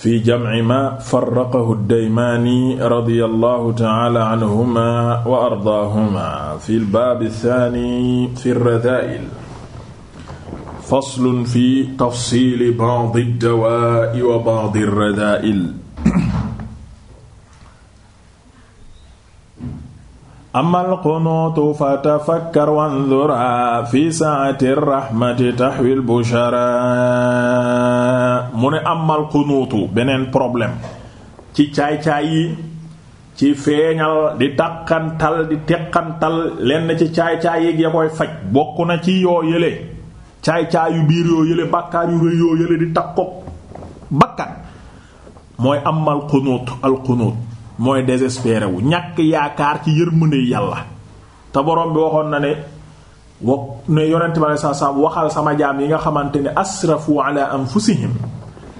fi jamci ma farraqahu daymaani radiyallahu ta'ala anhuma wa ardaahuma fi lbaabi thaani fi radaa'il faslun fi tafsiili ba'di dawaa'i wa ba'di radaa'il amal qunuutu fa tafakkar wanzura fi saati rahmati taxwil bushara mu ne amal qunuutu beneen problème ci caay-caay yi ci feeñal di takkantal di teqantal lenn ci caay-caay yi ya koy faj bokk na ci yoo yële caay-caay yu biir yoo yële bàkkaar yu rëy yoo yële di takkook bakkan mooy amal qunuut al qunuut mooy désespéré wu ñàkk yaakaar ci yërmande yàlla te borom bi waxoon na ne wa ne yonent bi saa saa waxal sama jaam yi nga xamante ne asrafu ala anfusihim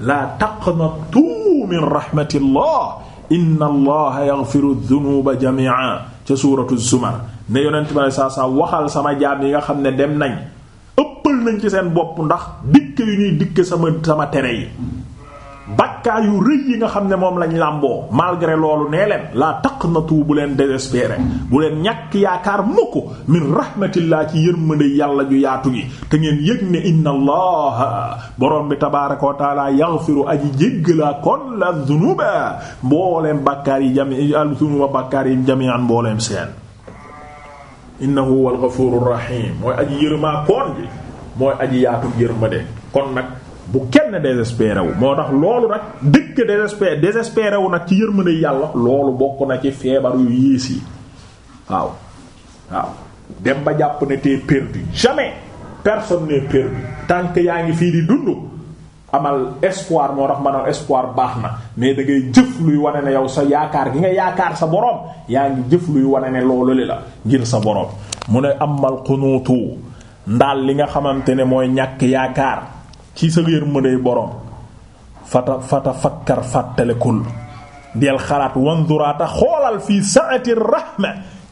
la taqnatu min rahmatillah inna allaha yaghfiru dhunuba jami'a ca suuratu zumar ne yonent bi saa saa waxal sama jaam yi nga xam ne dem nañ ëppal nañ ci seen bopp ndax dikk yu ñuy dikk sama sama tere yi bakkaar yu rëy yi nga xam ne moom lañ làmboo malgré loolu nee leen laa taqnatu bu leen désespéré bu leen ñàkk yaakaar mukk min rahmatillah ci yërmande yàlla ju yaatu gi te ngeen yëg ne inna allah borom bi tabaaraka wa taala yaghfiru aji jéggalaa kon la zunuba mbooleem bakkaar yi jami al zunuba bakkaar yi jami'an mbooleem seen innahu huwal ghafurur rahim mooy aji yërmaa koon ji mooy aji yaatu yërmande kon nag bu kenn désespéré wu moo tax loolu nag dëkk désespéré désespéré nag ci yërmande yàlla loolu bokk na ci feebar yu yiis yi waaw waaw dem ba jàpp ne t'es perdu jamais personne n'est perdu tant yaa ngi fii di dund amal espoir moo tax maanaam espoir baax na mais da ngay jëf luy wane ne yow sa yaakaar gi nga yaakaar sa boroom yaa ngi jëf luy wane ne loolu li la ngir sa boroom mu ne amal xunuutu ndaal li nga xamante ne mooy ñàkk yaakaar ci sa yërmandey borom fata fata fakkar fàttalikul del xalaat wanduraata xoolal fii saati rahma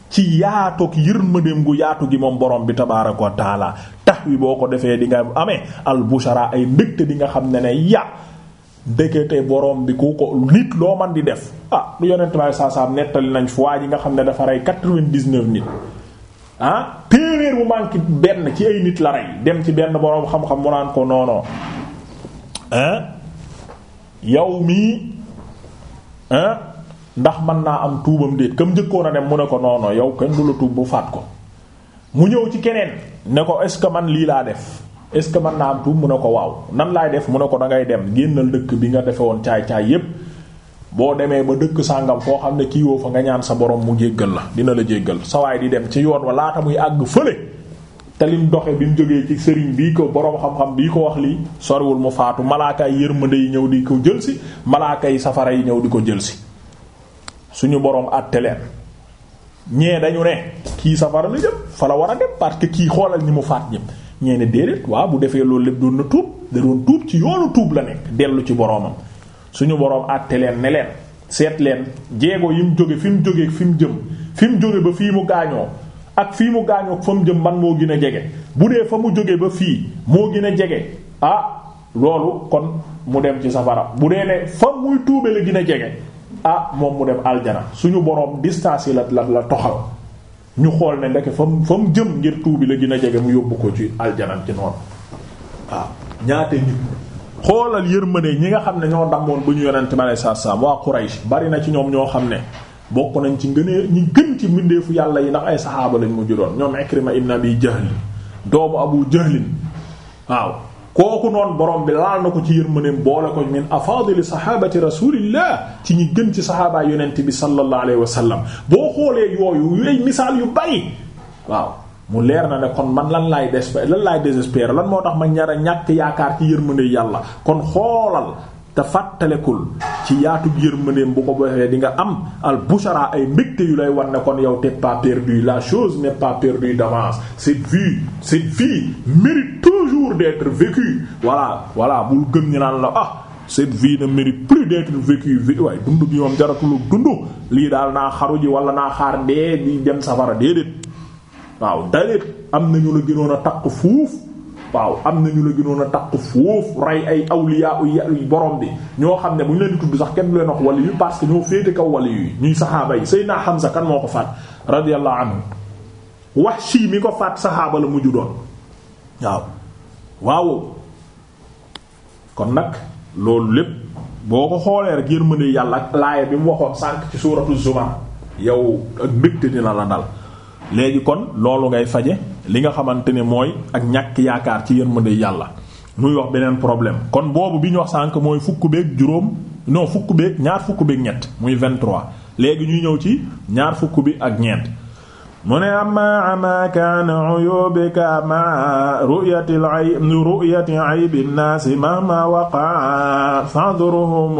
ci yaatoog yërmandeem gu yaatu gi moom borom bi tabaaraka wa taala tax wi boo ko defee di nga amee al bushara ay mbégte di nga xam ne ne ya ndekete borom bi ku ko nit loo man di def ah lu yonent baay saa nettali nañ fois yi nga xam ne dafa rey quatre-vingt-dix-neuf nit ah yéewéer bu manqué benn ci ay nit la rey dem ci benn boroom xam-xam mu naan ko noonoo hein yow mii hein ndax man naa am tuubam déet comme njëkkoon a dem mu ne ko noonoo yow kenn du la tuub bu faat ko mu ñëw ci keneen ne ko est-ce que man lii laa def est-ce que mën naa am tuub mu ne ko waaw nan laay def mu ne ko dangay dem génnal dëkk bi nga defe woon caay-caay yépp boo demee ba dëkk sàngam foo xam ne kii woo fa nga ñaan sa borom mu jéggal la dina la jéggal sa waay di dem ci yoon wa laata muy àgg fële te lim doxe bi mu jógee ci sëriñ bii ko boroom xam-xam bii ko wax lii sorewul mu faatu malaakaay yi yërmande yi ñëw di ko jël si malaaka yi safara yi ñëw di ko jël si suñu boroom àtte leen ñee dañu ne kii safara la jëm fa la war a dem parce kii xoolal ñi mu faat ñëpp ñee ne déedéet waaw bu defee loolu lépp doon na tuub da ci yoonu tuub la dellu ci boroomam suñu boroom àtte leen ne seet leen jéego yi mu jóge fi mu jóge fi mu jëm fi mu jóge ba fii mu gaañoo ak fii mu gaañoo fa mu jëm man moo gin a jege bu dee fa mu jóge ba fii moo gin a jege ah loolu kon mu dem ci safara bu dee ne fa muy tuube la gën a jege ah moom mu dem aljana suñu boroom distance la la la toxal ñu xool ne ndeke fa mu fa jëm ngir tuubi la gën a jege mu yóbbu ko ci aljanam ci noonu waaw xoolal yërmande ñi nga xam ne ñoo dammoon bu ñu yonent ma lay saasam waa Quraysh bari na ci ñoom ñoo xam ne bokk nañ ci ngënee ñi gën ci mbindeefu yàlla yi ndax ay saxaaba lañ mujju doon ñoom Ikrima ibn Abi Jahl doomu Abu Jahl waaw kooku noonu borom bi laal na ko ci yërmandeem boole ko min afaadili saxaabati rasulillah ci ñi gën ci saxaabaa yonent bi sallallahu alayhi wa sallam boo xoolee yooyu ay misaal yu bari waaw mu leer na ne kon man lan lay des lan laay désespérer lan moo tax ma ñara ñàkk yaakaar ci yërmande yàlla kon xoolal te fàttalekul ci yaatub yërmandeem bu ko boxee di nga am al bushara ay mbégte yu lay wan ne kon yow t'es pas perdu la chose n'est pas perdue d'avance cette vie cette vie mérite toujours d'être vécue voilà voilà bul gën ñu naan la ah cette vie ne mérite plus d'être vécue waaye dund bi moom jaratul dund lii daal naa xaru ji wala naa xaar ndee di dem safara déedéet waaw dalit am nañu la gënoon a takk fuuf waaw am na nañu la gënoon a takk fuuf rey ay awliya yu borom bi ñoo xam ne bu ñu leen tudd sax kenn du leen wax wali yu parce que ñoo féete kaw wali yu ñuy saxaaba yi Seydina Hamza kan moo ko faat radiyallahu anhu Wahshi mi ko faat saxaaba la mujju doon waaw waaw kon nag loolu lépp boo ko xoolee rek yërmande yàlla ak laaya bi mu waxoon sànq ci suuratu Zumar yow ak mbégte dina la dal léegi kon loolu ngay faje li nga xamante ne mooy ak ñàkk yaakaar ci yërmande yàlla muy wax beneen problème kon boobu bi ñu wax sànq mooy fukk beeg juróom non fukk beeg ñaar fukk beeg ñett muy 23 léegi ñuy ñëw ci ñaar fukk bi ak ñeent mu ne amma amakaan uyubika ma ruyati ayb ruyati aybi nnaasi mahma waqaa fa'durhum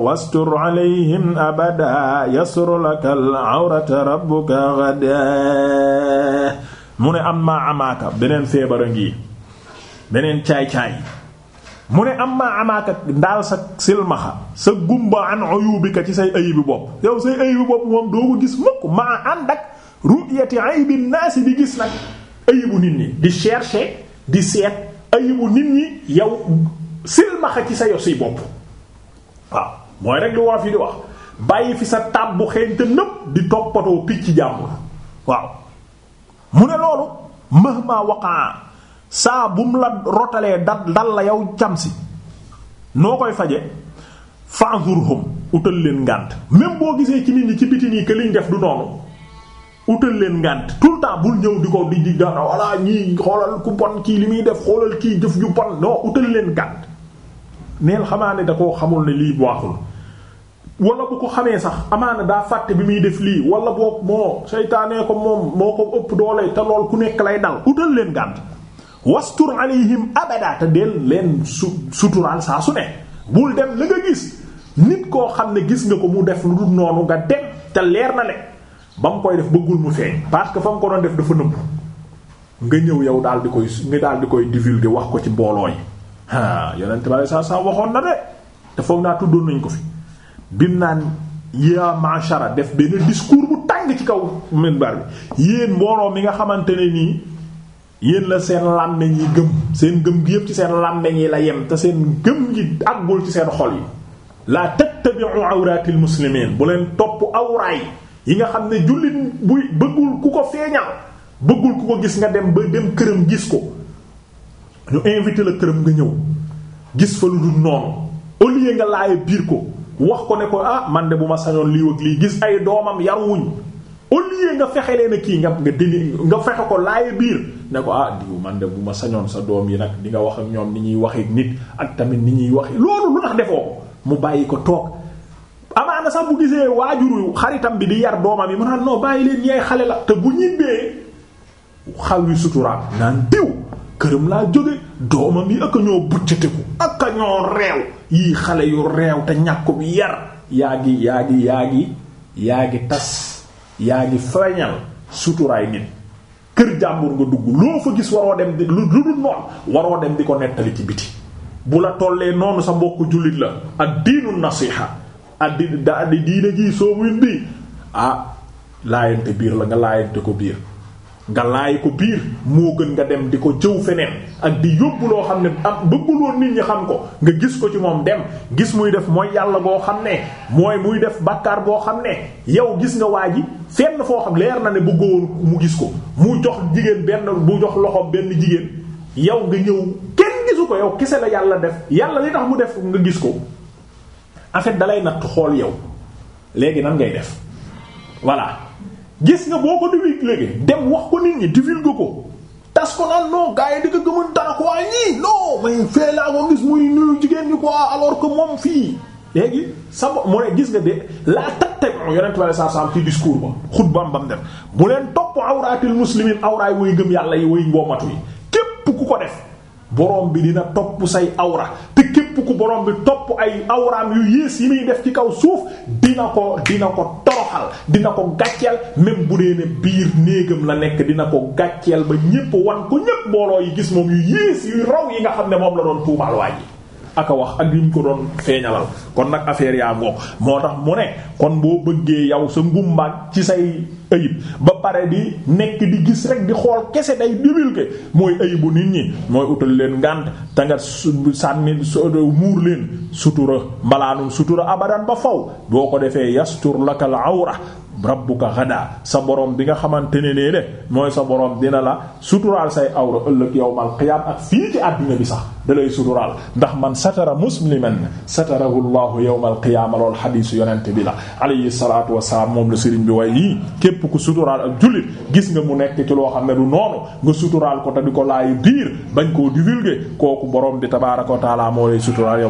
wastur alayhim abada yasru laka al-awrata rabbuka ghadan mu ne amma amaaka beneen feebar a ngi beneen caay-caay mu ne amma amaaka ndaal sa silmaxa sa gumba an uyubika ci say ayibi bopp yow say ayibi bopp moom doo ko gis mukk maa ànd ak ru'yati aybi naas di gis nag ayibu nit ñi di chercher di seet ayibu nit ñi yow silmaxa ci sa yos yi bopp waaw mooy rek lu wolof yi di wax bàyyi fi sa tàbbu xeeñte nëpp di toppatoo picc jàmbur waaw mu ne loolu mahma waqaa saa bu mu la rotalee dal dal la yow cam si noo koy faje fanzurhum utal leen ngànt même boo gisee ci nit ñi ci biti nii que def du noonu utal leen ngànt tout le temps bul ñëw di ko di di dara walla ñii xoolal ku bon kii li muy def xoolal kii jëf ju bon non leen ngànt neel da koo xamul ne lii waaxul wala ko xamee sax amaana daa fàtte bi muy def lii wala boog moo seytaanee ko moom moo ko ëpp doole te lool ku nekk lay dal utal leen ngànt wastur alayhim abada te deel leen su suturaal saa su bul dem la koo xam ne gis nga ko mu def lu dul noonu nga dem te leer na le ba mu koy def bëggul mu feeñ parce que fa mu ko doon def dafa nëbb nga ñëw yow daal di koy nga daal di koy divulguer wax ko ci mbooloo yi ah yonent bi saa saa waxoon na de te foog naa tuddoon nañ ko fi bim naan yaa mashara def benn discours bu tàng ci kaw minbar bi yéen mbooloo mi nga xamante ne nii yéen la seen làmmeñ yi gëm seen gëm gi yëpp ci seen làmmeñ yi la yem te seen gëm gi àggul ci seen xol yi. la tattabi'u awratil muslimin bu leen topp awraay. yi nga xam ne jullit buy bëggul ku ko feeñal bëggul ku ko gis nga dem ba dem këram gis ko ñu invité la këram nga ñëw gis fa lu dul noonu au lieu nga laaye biir ko wax ko ne ko ah man bu ma sañoon lii ak lii gis ay doomam yaruwuñ au nga fexe leen kii nga nga dini nga fexe ko laaye biir ne ko ah diw bu ma sañoon sa doom yi nag di nga wax ak ñoom ni ñuy waxee nit ak tamit ni ñuy waxee loolu lu tax defoo mu bàyyi ko toog amaana sax bu gisee waajuru xaritam bi di yar doomam yi mu naan non bàyyi leen yaay xale la te bu ñibbee xaw yu suturaam naan diw këram laa jóge doomam yi ak ñoo buccateku ak ñoo reew yii xale yu reew te ñàkk bi yar yaa ngi yaa ngi yaa ngi tas yaa ngi feeñal suturaay nit kër jàmbur nga dugg loo fa gis waroo dem di lu dul noon waroo dem di ko nettali ci biti bu la tollee noonu sa mbokku jullit la ak diinu nasiha addi da di diine ji soobuwit bi ah laayante biir la nga laayante ko biir nga laay ko biir moo gën nga dem di ko jëw feneen ak di yóbbu loo xam ne am bëgguloon nit ñi xam ko nga gis ko ci moom dem gis muy def mooy yàlla boo xam ne mooy muy def bàkkaar boo xam ne yow gis nga waa ji fenn foo xam leer na ne bëggoon mu gis ko mu jox jigéen benn bu jox loxo benn jigéen yow nga ñëw kenn gisu ko yow kese la yàlla def yàlla li tax mu def nga gis ko en fait dalay natt xool yow léegi nan ngay def voilà gis nga boo ko divulgué dem wax ko nit ñi divulgué ko tas ko naan non gars yi di gëmën dara quoi ñii non mais fee laa ko gis muy nuyu jigéen ñi quoi alors que moom fii. léegi sa mo mu ne gis nga de laa tattabi'u yonent bi saa saa ci discours ba xutbaam ba mu leen topp awraatil muslimiin awraay wuy gëm yàlla yi wuy mboomatu yi képp ku ko def. borom bi dina topp say awra te képp ku borom bi topp ay awraam yu yées yi muy def ci kaw suuf dina ko dina ko toroxal dina ko gàcceel même bu dee ne biir néegam la nekk dina ko gàcceel ba ñépp wan ko ñépp mbooloo yi gis moom yu yées yu raw yi nga xam ne moom la doon tuumaal waa ji aka wax ak li ñu ko doon feeñalal kon nag affaire yaa ngoog moo tax mu ne kon boo bëggee yow sa ngumbaag ci say ayib ba pare di nekk di gis rek di xool kese day divulguer mooy ayibu nit ñi mooy utal leen ngànt te nga sànni muur leen sutura mbalaanum sutura abadan ba fow boo ko defee yastur lakal awra rabbuka ghadaa sa boroom bi nga xamante ne nee ne mooy sa borom dina la suturaal say awra ëllëg yawmal qiyaam ak fii ci àddina bi sax da lay suturaal ndax man satara musliman satarahu llahu yawmal qiyaama lool xadiisu yonente bi la alayhi salaatu wassalaam moom la sëriñ bi way yii képp ku suturaal ak jullit gis nga mu nekk ci loo xam ne du noonu nga suturaal ko te ko laayu biir bañ koo divulguer kooku borom bi tabaaraka wa taala moo lay suturaal